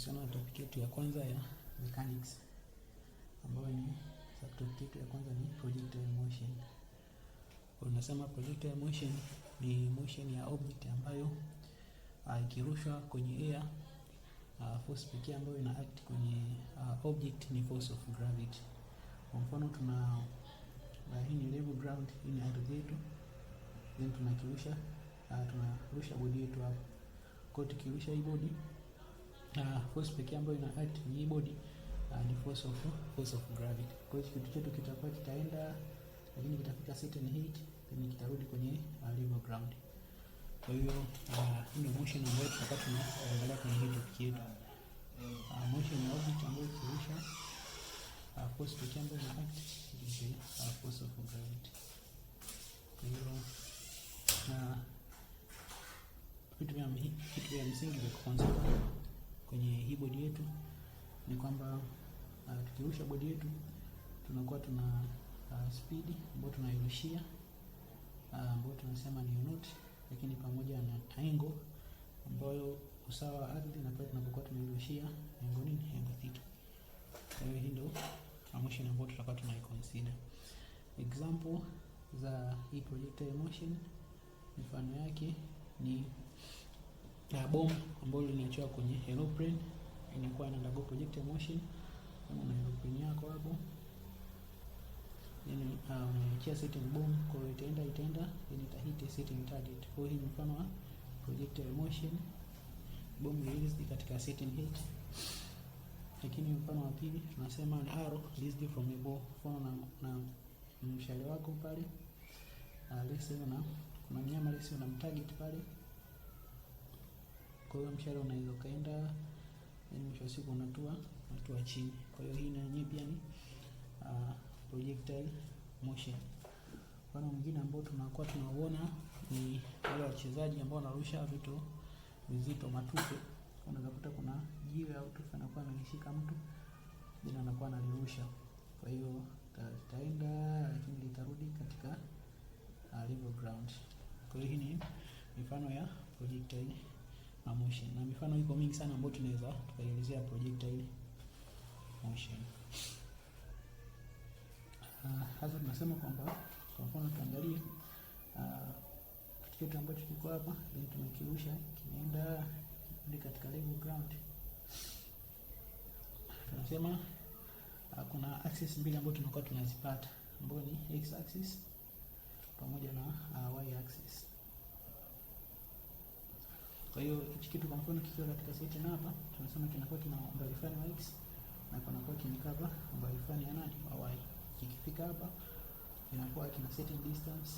kuhusiana na topic yetu ya kwanza ya mechanics ambayo ni subtopic yetu ya kwanza ni projectile motion. Unasema projectile motion ni motion ya object ambayo uh, ikirushwa kwenye air uh, force pekee ambayo ina act kwenye uh, object ni force of gravity. Kwa mfano tuna uh, hii ni level ground, hii ni ardhi yetu, then tunakirusha uh, tunarusha body yetu hapo. Kwa hiyo tukirusha hii body uh, force pekee ambayo ina act ni hii bodi uh, ah, ni force of force of gravity. Kwa hiyo kitu chetu kitakuwa kitaenda, lakini kitafika certain height then kitarudi kwenye uh, level ground. Kwa hiyo uh, ndio motion ambayo tutakuwa tunaangalia kwenye hii topic yetu. Uh, motion ya orbit ambayo ikiisha uh, force pekee ambayo ina act ni uh, force of gravity. Kwa hiyo uh, vitu vya msingi vya kukonsidera kwenye hii bodi yetu ni kwamba uh, tukirusha bodi yetu tunakuwa tuna uh, speed ambayo tunairushia uh, ambayo uh, tunasema ni unit, lakini pamoja na angle ambayo usawa wa ardhi na pale tunapokuwa tunairushia angle nini, angle theta. Kwa hiyo hii ndio motion ambayo tutakuwa tunaiconsider. Example za hii projectile motion mifano yake ni na bomu ambalo liliachiwa kwenye aeroplane inakuwa na undergo motion, kama na aeroplane yako hapo, then unaachia um, setting bomb, kwa hiyo itaenda itaenda then itahit setting target. Kwa hiyo ni mfano wa projectile motion, bomb released katika setting height. Lakini mfano wa pili tunasema an arrow released from a bow, mfano na, na mshale wako pale, uh, ah, lesi na kuna mnyama lesi na mtarget pale kwa hiyo mshahara unaweza ukaenda, yani mwisho wa siku unatua unatua chini. Kwa hiyo hii nayo pia ni uh, projectile motion. Mfano mwingine ambao tunakuwa tunauona ni wale wachezaji ambao wanarusha vitu vizito, matupe. Unaweza kuta kuna jiwe au tufe anakuwa ameshika mtu then anakuwa analirusha, kwa hiyo litaenda lakini litarudi katika uh, level ground. Kwa hiyo hii ni mifano ya projectile motion. Na mifano iko mingi sana ambayo tunaweza tukaelezea projectile motion. Uh, ah, hasa tunasema kwamba kwa mfano tuangalie ah, kitu ambacho kiko hapa then tumekirusha kinaenda katika level ground. Tunasema uh, kuna axis mbili ambazo tunakuwa tunazipata ambazo ni x axis pamoja na uh, y axis. Kwa hiyo hichi kitu kwa mfano kikiwa katika seti na hapa, tunasema kinakuwa kina umbali fulani wa x na kinakuwa kimekava umbali fulani ya nani wa y. Kikifika hapa kinakuwa kina setting distance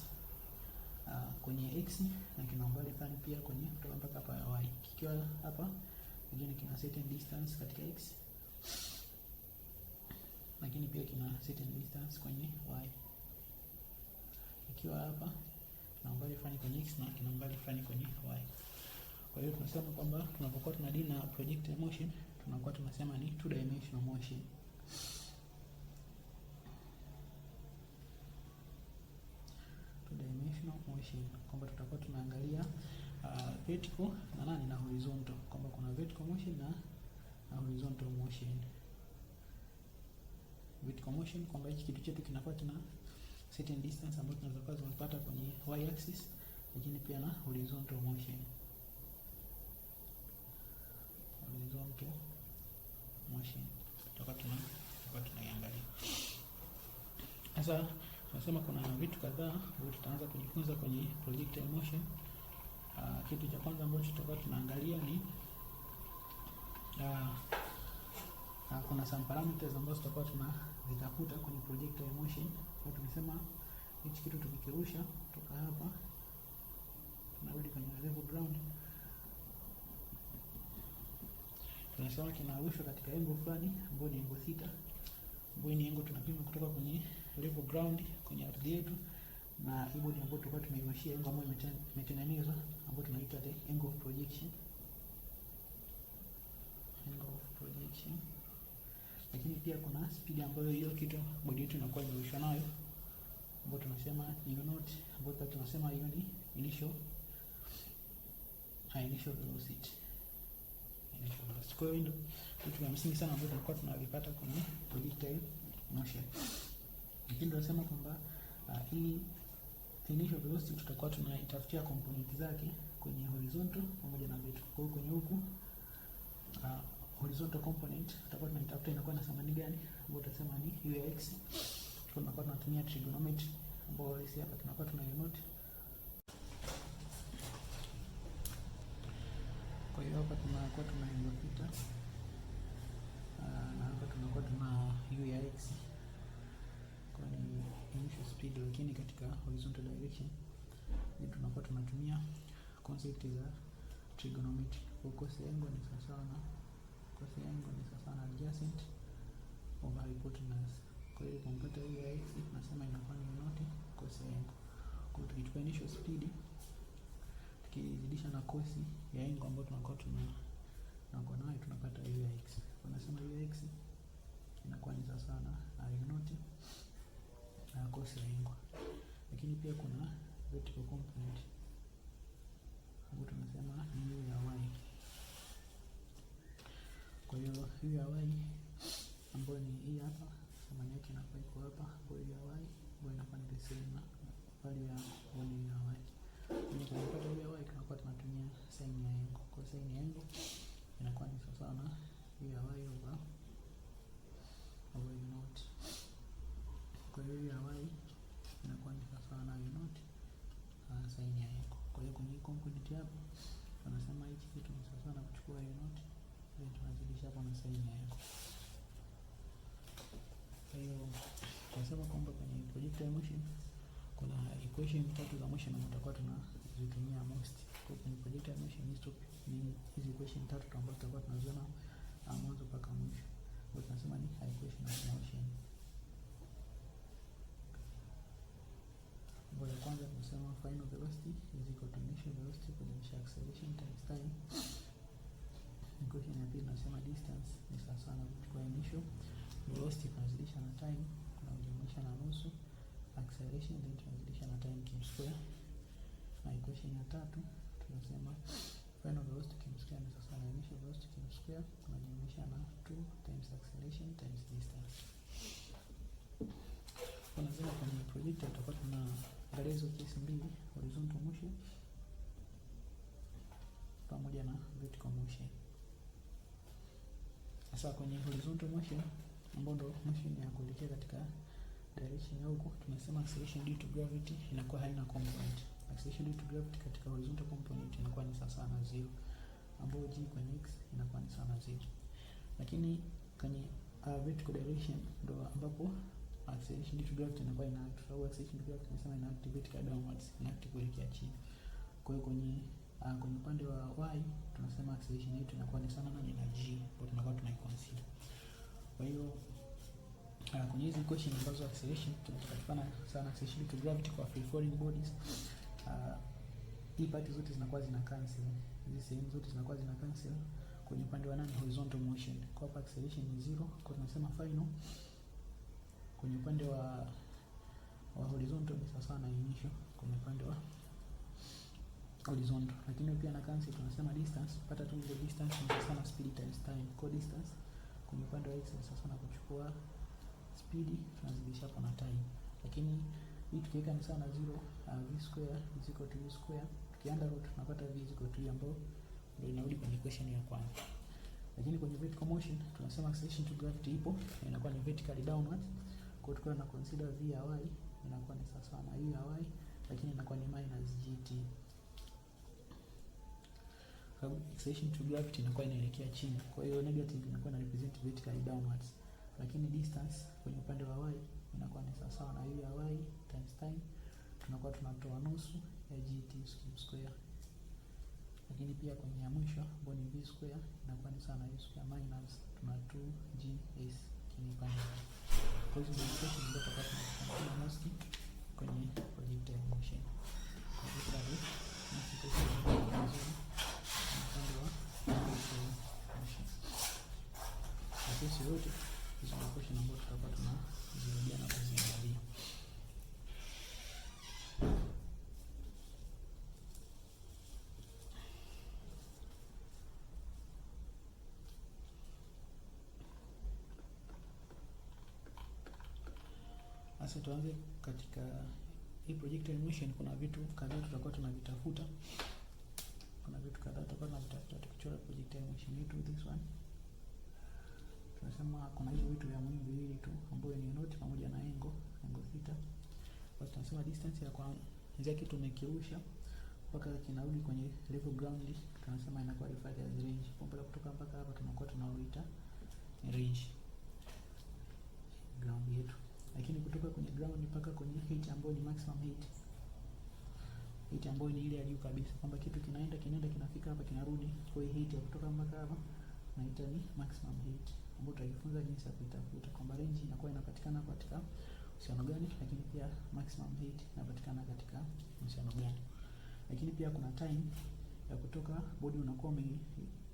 uh, kwenye x na kina umbali fulani pia kwenye kutoka mpaka hapa ya y. Kikiwa hapa lakini kina setting distance katika x lakini pia kina setting distance kwenye y. Kikiwa hapa kina umbali fulani kwenye x na kina umbali fulani kwenye y. Kwa hiyo tunasema kwamba tunapokuwa tuna deal na projectile motion tunakuwa tunasema ni two dimensional motion. Two dimensional motion kwamba tutakuwa tunaangalia uh, vertical na nani na horizontal kwamba kuna vertical motion na, na horizontal motion. Vertical motion kwamba hiki kitu chetu kinakuwa kina certain distance ambayo tunaweza kuwa tunapata kwenye y axis, lakini pia na horizontal motion. uchafuzi wa mto tuna tunaiangalia. Sasa tunasema kuna vitu kadhaa ambavyo tutaanza kujifunza kwenye projectile motion. Uh, ah, kitu cha kwanza ambacho tutakuwa tunaangalia ni uh, uh, kuna some parameters ambazo tutakuwa tunazitafuta kwenye projectile motion. Kwa tumesema hichi kitu tukikirusha kutoka hapa tunarudi kwenye level ground kinasoma kinawishwa katika engo fulani ambayo ni engo sita ambayo ni engo tunapima kutoka kwenye level ground kwenye ardhi yetu na keyboard ambayo tulikuwa tumeiwashia engo ambayo imetengenezwa ambayo tunaita the angle of projection, angle of projection. Lakini pia kuna speed ambayo hiyo kitu bodi yetu inakuwa imewashwa nayo ambayo tunasema ni note, ambayo tunasema hiyo ni initial initial velocity nationalist. Kwa hiyo ndio kitu cha msingi sana ambacho tulikuwa tunavipata kwenye projectile motion. Lakini ndio nasema kwamba hii initial velocity tutakuwa tunaitafutia component zake kwenye horizontal pamoja na vertical. Kwa hiyo kwenye huku uh, horizontal component tutakuwa tunaitafuta inakuwa na thamani gani, ambayo tutasema ni ux. Tunakuwa tunatumia trigonometry ambayo hapa tunakuwa tunaienote Kwa hiyo hapa tunakuwa tuna hiyo theta ah, na hapa tunakuwa tuna u ya x kwa ni initial speed, lakini katika horizontal direction ni tunakuwa tunatumia concept za trigonometry. Kwa cos angle ni sawa na cos angle ni sawa na adjacent over hypotenuse. Kwa hiyo kompyuta u ya x tunasema inakuwa ni not cos angle. Kwa hiyo tukichukua initial speed tukizidisha na kosi ya engo ambayo tunakuwa tuna tunakuwa nayo tunapata u x. Wanasema u x inakuwa ni sawa na r naught na kosi ya engo, Lakini pia kuna vertical component ambayo tunasema ni u ya y. Kwa hiyo u ya y ambayo ni hii hapa, thamani yake inakuwa iko hapa, kwa hiyo ya y ambayo inakuwa ni the same na value ya value ya y tunakuwa tunatumia sine ya angle. Kwa sine ya angle inakuwa ni sawa na hiyo ya y over over u naught. Kwa hiyo ya y inakuwa ni sawa na u naught sine ya angle. Kwa hiyo kwenye component hapo tunasema hichi kitu ni sawa na kuchukua u naught then tunazidisha hapo na sine ya angle. Kwa hiyo tunasema kwamba kwenye projectile motion kuna equation tatu za motion ambazo tutakuwa tuna tunazitumia most kwenye project animation hizo ni hizi equation tatu ambazo tutakuwa tunaziona ah, mwanzo mpaka mwisho. Kwa tunasema ni equation of motion. ya kwanza tunasema final velocity is equal to initial velocity kujumlisha acceleration times time. Equation ya pili tunasema distance ni sawa sawa na kuchukua initial velocity kuzidisha na time kuna tunajumlisha na nusu acceleration then tunazidisha na time cube square na equation ya tatu tunasema final velocity cube square ni sasa na initial velocity cube square tunajumlisha na 2 times acceleration times distance. Kwa lazima kwenye projector tutakuwa tunaangalia hizo kesi mbili, horizontal motion pamoja na vertical motion. Sasa kwenye horizontal motion ambayo ndio motion ya kuelekea katika direction ya huko, tunasema acceleration due to gravity inakuwa haina component position yetu graft katika horizontal component inakuwa ni sawa na 0 ambapo g kwenye x inakuwa ni sawa na 0 lakini kwenye uh, vertical direction ndo ambapo acceleration yetu to inakuwa ina act, sababu acceleration yetu to gravity inasema ina act vertical downwards, ina act kuelekea chini. Kwa hiyo kwenye uh, kwenye upande wa y tunasema acceleration yetu inakuwa ni sawa na na g, kwa tunakuwa tuna consider Kwa hiyo uh, kwenye hizi equation ambazo acceleration tunapatikana sana acceleration to gravity kwa free falling bodies uh, hii pati zote zinakuwa zina cancel, hizi sehemu zote zinakuwa zina cancel kwenye upande wa nani, horizontal motion. Kwa hapa acceleration ni zero, kwa tunasema final kwenye upande wa wa horizontal ni sawa na initial kwenye upande wa horizontal, lakini pia na cancel, tunasema distance, pata tu ile distance ni sawa na speed times time. Kwa distance kwenye upande wa x ni sawa na kuchukua speed tunazidisha hapo na time, lakini hii tukiweka ni sawa na 0 uh, v square is equal to u square. Tukianda root tunapata v is equal to u e ambayo ndio inarudi kwenye equation ya kwanza. Lakini kwenye vertical motion tunasema acceleration to gravity ipo na inakuwa ni vertically downward Kwa hiyo tukiwa na consider v ya y inakuwa ni sawa na u ya y lakini inakuwa ni minus gt. Sababu acceleration to gravity inakuwa inaelekea chini. Kwa hiyo negative inakuwa na represent vertically downwards. Lakini distance kwenye upande wa y inakuwa ni sawasawa na u ya y times time, tunakuwa tunatoa nusu ya gt cube square. Lakini pia kwenye ya mwisho ambayo ni v square inakuwa ni sawa na u square minus tuna 2gs kwenye upande kwenye project ya mwisho. Kwa hiyo bado ni kitu cha msingi upande wa mwisho. Sisi wote hizo ndio kesho ambayo tutakuwa tunafanya sasa tuanze katika hii project animation. Kuna vitu kadhaa tutakuwa tunavitafuta, kuna vitu kadhaa tutakuwa tunavitafuta tukichora project animation yetu, this one tunasema kuna hiyo vitu vya muhimu viwili tu ambayo ni noti pamoja na engo, engo theta. Kwa tunasema distance ya kuanzia kitu umekiusha mpaka kinarudi kwenye level ground, tunasema inakuwa referred as range. Kwa mpaka kutoka mpaka hapa tunakuwa tunauita range ground yetu, lakini kutoka kwenye ground mpaka kwenye height ambayo ni maximum height hiti ambayo ni ile ya juu kabisa, kwamba kitu kinaenda kinaenda kinafika hapa kinarudi. Kwa hiyo hiti ya kutoka mpaka hapa naita ni maximum height ambapo tutajifunza jinsi ya kuitafuta kwamba range inakuwa inapatikana katika uhusiano gani, lakini pia maximum height inapatikana katika uhusiano gani. Lakini pia kuna time ya kutoka bodi unakuwa ume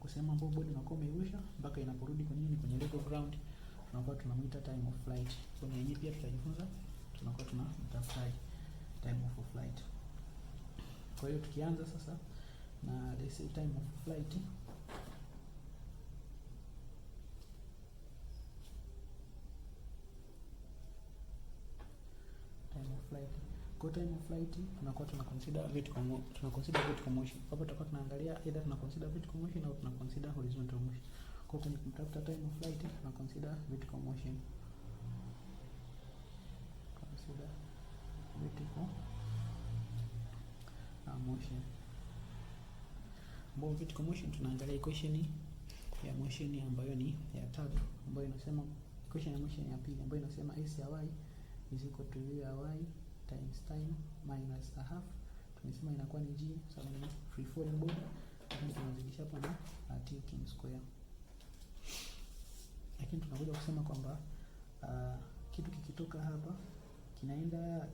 kusema ambapo bodi unakuwa umeirusha mpaka inaporudi kwenye nini, kwenye level ground, tunakuwa tunamuita time of flight. Kwa hiyo yenyewe pia tutajifunza, tunakuwa tunamtafuta time of flight. Kwa hiyo tukianza sasa na this time of flight Kwa time of flight tunakuwa tuna consider vertical tuna consider vertical motion. Hapo tutakuwa tunaangalia either tuna consider vertical motion au tuna consider horizontal motion. Kwa hiyo kwenye tunatafuta time of flight tuna consider vertical motion. Consider vertical uh, motion. Mbona vertical motion tunaangalia equation ya motion ambayo ni ya tatu ambayo inasema equation ya motion ya pili ambayo inasema s ya y is equal to v ya y times time minus a half, tumesema inakuwa ni g kwa sababu ni free falling body, lakini tunazidisha hapo na t king square. Lakini tunakuja kusema kwamba uh, kitu kikitoka hapa kinaenda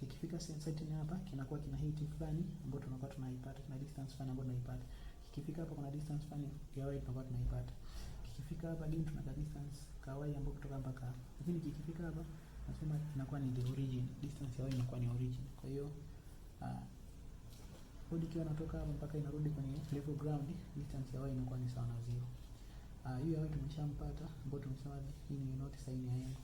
kikifika certain hapa kinakuwa kina hit fulani ambayo tunakuwa tunaipata, tuna distance fulani ambayo tunaipata. Kikifika hapa kuna distance fulani ya y tunakuwa tunaipata. Kikifika hapa again tuna distance ka y ambayo kutoka hapa ka. Lakini kikifika hapa nasema inakuwa ni the origin distance yao inakuwa ni origin. Kwa hiyo uh, ikiwa natoka hapa mpaka inarudi kwenye level ground, distance yao inakuwa ni sawa na zero. Ah, hiyo uh, yao tumeshampata, ambayo tumesema hii ni not sign ya angle,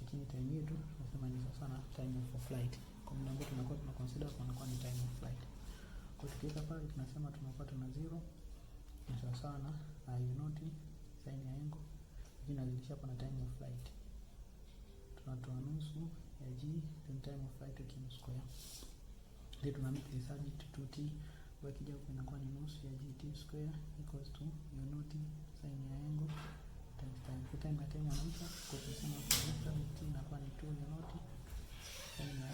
lakini time yetu tunasema ni sawa na time of flight. Kwa muda ambao tunakuwa tuna consider kwa inakuwa ni time of flight. Kwa tukiweka pale tunasema tunakuwa tuna zero ni sawa na ah, u not sign ya angle, lakini nazidisha kwa na time of flight tunatoa nusu ya g then time of y square, then tuna make subject to t huko inakuwa ni nusu ya g t square equals to u naught sin ya angle times time kwa time na time anaita kwa kusema kwa t inakuwa ni 2 u naught sin ya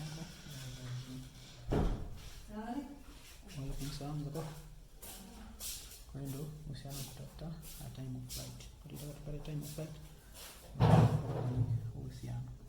angle kwa hiyo ndio uhusiano kutafuta time of flight. Ukitaka tupate time of flight uhusiano